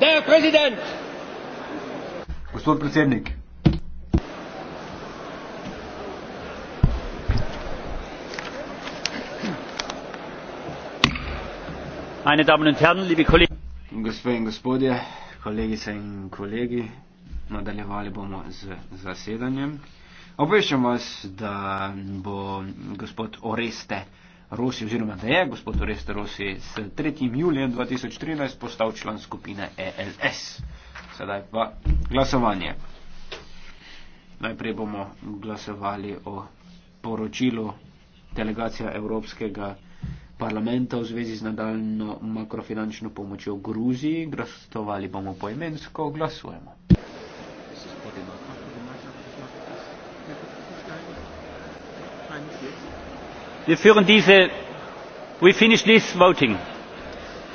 Der Präsident! Gospod predsednik. Meine Damen und Herren, liebe Kollegen. Gospe in gospodje, kolegice in kolegi, nadaljevali bomo z zasedanjem. Obveščam vas, da bo gospod Oreste. Rosi, oziroma da je gospod Oreste Rosi s 3. julijem 2013 postal član skupine ELS. Sedaj pa glasovanje. Najprej bomo glasovali o poročilu delegacija Evropskega parlamenta v zvezi z nadaljno makrofinančno pomočjo v Gruziji. Glasovali bomo poimensko, glasujemo. Thank you wir führen diese we finish this voting.